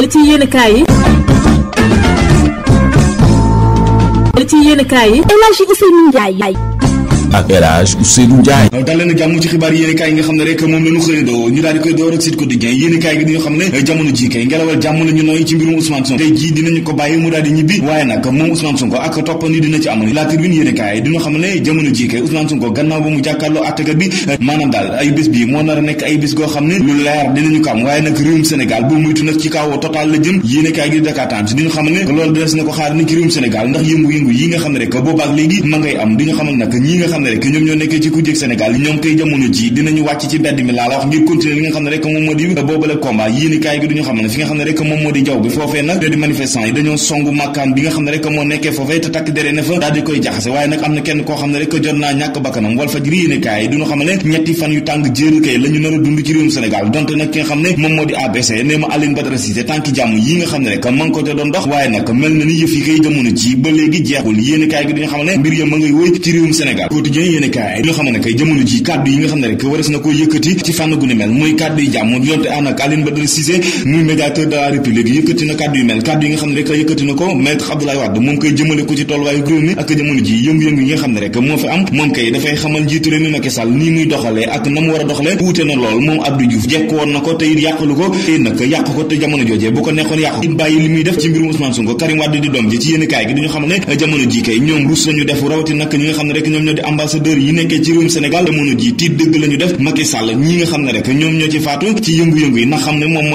li ci yenn yi li ci yenn yi El Hadji ak El Hadj Ousseynou Ndiaye daal jàmm ci xibaar yéen i nga xam ne rek moom la ne ko bàyyi a nekk ay bés ndax yëngu-yëngu yi nga xam ne rek boobaak léegi ma ngay am di nga xam ne nag ñi nga xam ne rek ñoom ñoo nekkee ci kujjeeg Sénégal ñoom kay jamono ji dinañu wàcc ci mbedd mi laa la wax ngir continuer li nga xam ne rek moom moo di ABC ne ma Aline Badara Cissé tànki jàmm yi nga xam ne rek ma ngi ko ca doon dox waaye nag mel na ni yëf yi kay jamono ji ba léegi jeexul yéen i duñu xam ne mbir ya ma ngay wëy ci réewum Sénégal Quotidien yéen xam ne kay jamono ji kàddu yi nga xam ne rek waras na ko yëkkati ci fànn gu mel mooy kàddu yi jàmm ne ko maître na ko te it ko te nag yàq ko te jamono joojee bu ko nekkoon yàq ko bàyyi li muy def ci mbirum Ousmane Sonko Karim Wade di doom ji ci yéen kaay gi xam ne jamono ji kay ñoom rus nañu def rawati nag ñi nga xam ne rek ñoom ñoo di am ambassadeur yi nekkee ci réewum Sénégal jamono ji tiit dëgg la ñu def Macky Sall ñi nga xam ne rek ñoom ñoo faatu ci yëngu-yëngu yi na xam ne moom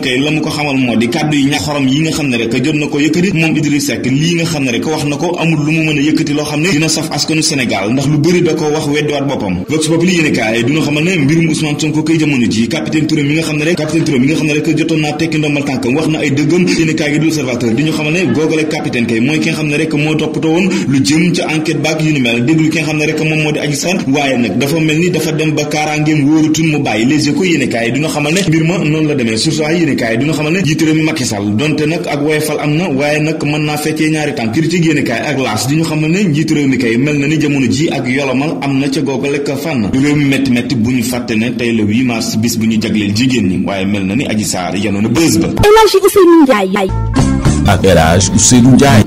kay la mu ko xamal moo di kàddu yi ña xorom yi nga xam ne rek jot na ko yëkkati moom Idrissa Seck lii nga xam ne rek wax na ko amul lu mu mën a yëkkati loo xam ne dina saf askanu Sénégal ndax lu bëri da ko wax weddiwaat boppam Vox Populi yéenekaay duñu xamal ne mbirum Ousmane Sonko koy jamono ji l'observateur di ñu xamal ne googale capitaine kay mooy ki nga xam ne rek moo toppatoo woon lu jëm ca enquête baak xam ne rek moom moo di ba ak woyofal am na waaye nag mën naa feccee ñu xamal ne njiitu réew mi kay mel na ni jamono ji ak yolomal am na ca googale ka ñi waaye mel na ak El Hadj Ousseynou